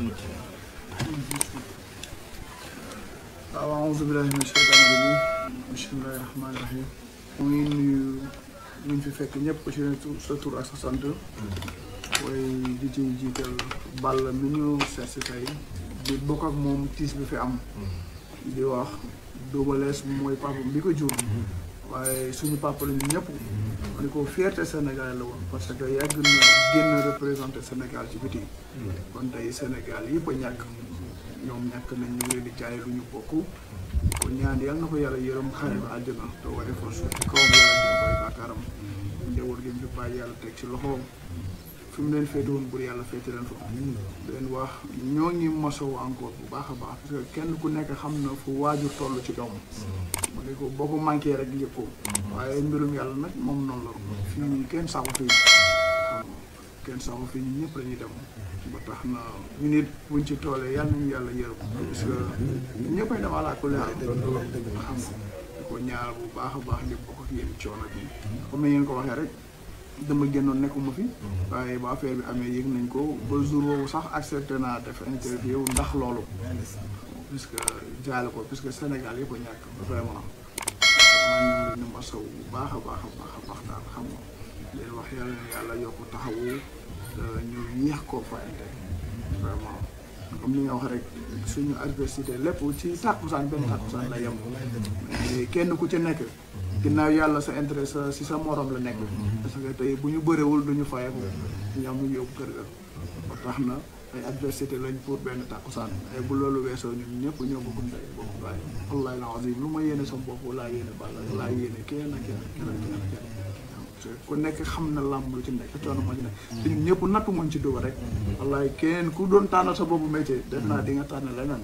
أعوذ بالله من الشيطان الرجيم بسم الله الرحمن الرحيم mu ngi nuyu ñu fi fekk di am papa ma ko fierté Sénégal la woon parce que yàgg na génn représenté Sénégal ci biti kon tey Sénégal yëpp a ñàkk ñoom ñàkk nañ ñu ngi di jaay lu ñu bokk kon ñaan yal na ko yàlla yërëm xare ba àjjana te waree fa suuf ci kawam yàlla teg ci loxoom fi mu leen féete woon bur yàlla féete leen fa leen wax ñoo ngi mosow encore bu baax a baax parce que kenn ku nekk xam na fu waajur toll ci doom ni ko boo ko manqué rek yëg ko waaye mbirum yàlla nag moom noonu la fii kenn saxu fii kenn saxu fii ñun ñëpp lañuy dem ba tax na ñu nit buñ ci toolee yàlla nañu yàlla yërëm parce que ñëppay dem àla ko leer xam ko ñaar bu baax a baax di ko ak yéen coono bi comme ni ngeen ko waxee rek dama génnoon nekkuma fi waaye ba affaire bi amee yëg nañ ko ba jour boobu sax accepté naa def interview ndax loolu puisque jaale ko puisque Sénégal yëpp a ñàkk vraiment na masaw bu baax a baax a baax a baax daal xam nga leen wax yàlla na yàlla yokk taxawu euh, ñu yéex koo fayante vraiment comme ni nga wax rek suñu adversité lépp ci tàkkusaan benn tàkkusaan la yem kenn ku ci nekk ginnaaw yàlla sa intérêt sa si sa morom la nekk parce tey bu ñu bëriwul duñu fayeku ñu am ñu yóbbu kër ga ba tax na ay adversité lañ pour benn tàkkusaan ay bu loolu weesoo ñun ñëpp ñoo bokk ndey bokk wallaay la azim lu ma yéene sama bopp laa yéene Balla laa yéene keneen ak keneen keneen nekk xam na làmb lu ci nekk coono moo ci nekk te ñëpp nattu moo ci dugal rek wallaay keneen ku doon tànnal sa boppu métier def naa di nga tànn leneen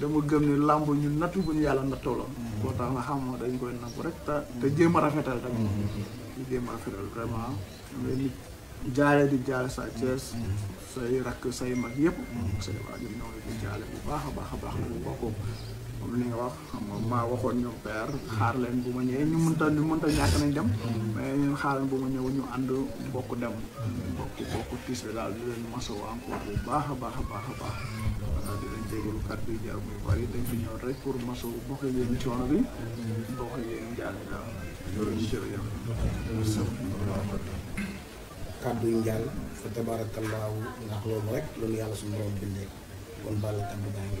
dama gëm ne làmb ñu natt bu ñu yàlla nattoo la koo tax nga xam nga dañ koy nangu rek te jéem a rafetal rek jéem rafetal vraiment mais di jaale sa Thiès say rakk say mag yëpp say bu baax a baax a baax la ñu bokkoo comme li nga wax xam nga maa waxoon ñoom père xaar leen bu ma ñu mënta ñu mënta ñàkk nañ dem mais ñun xaar bu ma ñëw ñu ànd bokk dem bokk bokk bi di leen masoo encore bu baax di leen jégalu kàddu yi jaar muy bari dañ fi ñëw rek pour masoo bokk yéen coono bi jaar fa rek suñu borom kon ngi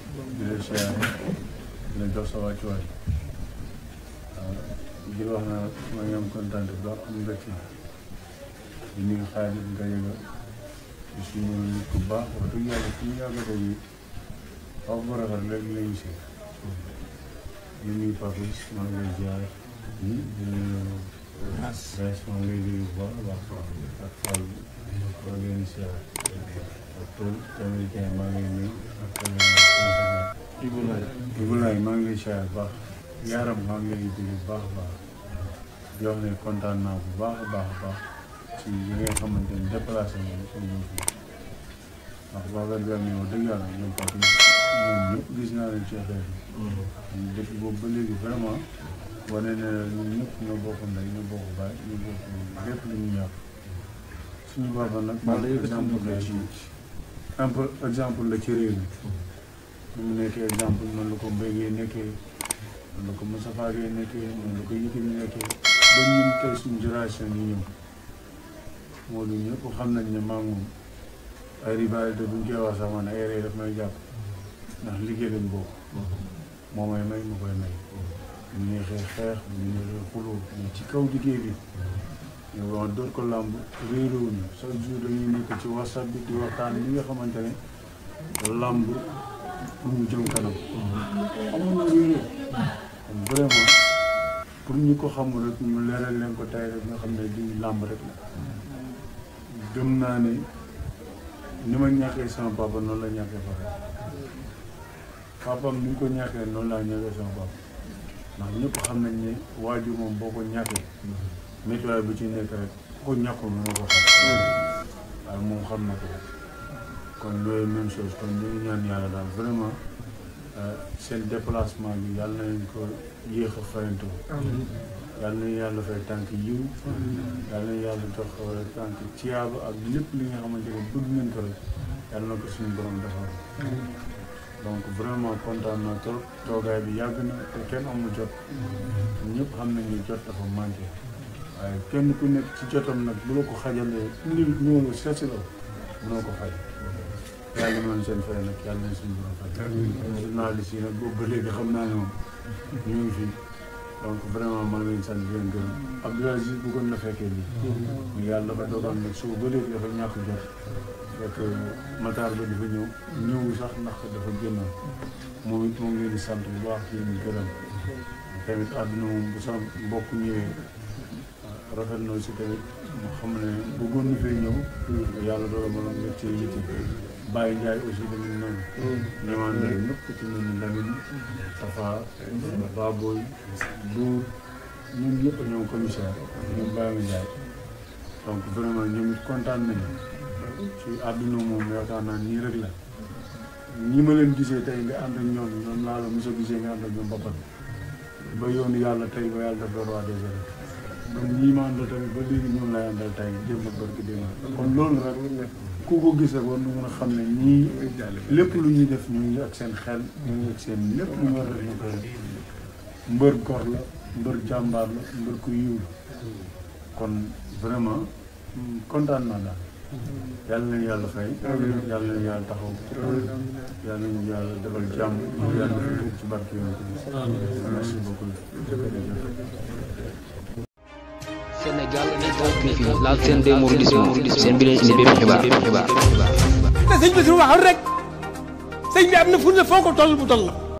di la siyaare di la jox sa wàccuwaay waaw di wax na ma ngi am kontaan bu baax am mbégte di nuyu xaalis nga yëga di suñu nit ku baax wax dëgg yàlla fi ñu yàgg tey jii xaw ma rafet léegi lañu si di nuyu Pape Is maa ngi lay ziar di nuyu Baye Sow ngay nuyu bu baax a baax ak Fall maa ngi Tool tamit maa ngi leen di ak Ibulaay Ibulaay maa ngi bu baax yaaram maa ngi lay nuyu baax a baax di ne kontaan naa baax baax baax ci li nga xamante ni déplacé nañu ko ñëw fii ndax Babacar Diagne naa leen ci affaire bi. depuis boobu ba léegi wane ne ñun ñëpp ñoo bokk ndey ñoo bokk baay ñoo bokk lépp lu ñu ñor suñu baba nag. moom exemple la ci exemple la ci réew mi. nu mu nekkee exemple noonu la ko mbéy nekkee noonu la ko Moustapha Gueye nekkee noonu la ko Yékini nekkee ba ñun tey suñu génération yi ñëw moo du ñëpp xam nañ ne maa moom ay rivalité buñ koy wax sax man ay rey daf may jàpp ndax liggéey lañ bokk. moo may may mu koy may. bu xeex bu xuloo mais ci kaw liggéey bi ñu wax door ko làmb réeróowuñu chaque jour dañuy nekk ci whatsapp bi di waxtaan li nga xamante ne làmb pour ñu jëm kanam amul réeroo kon vraiment pour ñu ko xamul rek ñu leeral leen ko tey rek nga xam ne di làmb rek la naa ne ni ma ñàkkee sama papa noonu la ñàkkee papa papam ni ñu ko ñàkkee noonu laa ñàkkee sama papa ndax ñëpp xam nañ ne waajur moom boo ko ñàkkee météo bi ci nekk rek ku ko ñàkkul mënoo ko xam moom xam na ko kon loolu même chose kon ñu ñaan yàlla daal vraiment euh, seen déplacement bi yàlla nañ ko yéex a fayantu yàlla na yàlla fay tànk yiw yàlla na yàlla dox tànk ciyaaba ak lépp li nga xamante ne bëgg nañ ko rek yàlla na ko suñu borom defal donc vraiment kontaan naa trop toogaay bi yàgg na te kenn amul jot ñëpp xam nañu jot dafa manqué waaye kenn ku nekk ci jotam nag bu la ko xajalee indi ñëw nga seesi la mënoo ko fay yàlla man seen fay nag yàlla nañ suñu borom fay journaliste yi nag boobu ba léegi xam naa ne moom ñu ngi donc vraiment maa ngi leen di sant di leen gërëm. Abdoulaye Aziz na fekkee bi yàlla dafa dogal nag suba ba léegi dafa ñàkk jot. fekk dafa ñëw. ñëw sax ndax dafa génnoon. moom it sant bu baax di leen a tamit àdduna moom bu sa mbokk ñëwee rafet na si tamit mu xam ne bëggoon na fee ñëw. yàlla dogal ma nag ci yitte. Baye Ndiaye aussi dañuy noonu. ñëwaat mm. mm. nañu ñëpp ci ñun kontaan nañu. ci àdduna moom yaakaar naa nii rek la. leen gisee tey nga ànd ak ñoom ñoom laa la mos a gisee nga ànd ak ñoom ba pare. ba yoonu yàlla tey ba yàlla def le roi des arènes. man ñii ma àndal tamit ba léegi ñoom laay àndal tey démb ak barki démb kon loolu rek ku ko gis ak war na mën a xam ne ñii lépp lu ñuy def ñu ngi ak seen xel ñu ngi ak seen lépp lu ñu war a def ñu koy mbër gor la mbër jàmbaar la mbër ku yiw la kon vraiment kontaan naa daal yàlla nañu yàlla fay yàlla nañu yàlla taxaw yàlla nañu yàlla defal jàmm yàlla nañu ci barke yoon merci beaucoup laal seen déw mouridisme seen bi leen indi bépp xibaar xibaar. te sëñ bi suñu waxoon rek sëñ bi am na fu ne foo ko toll bu toll.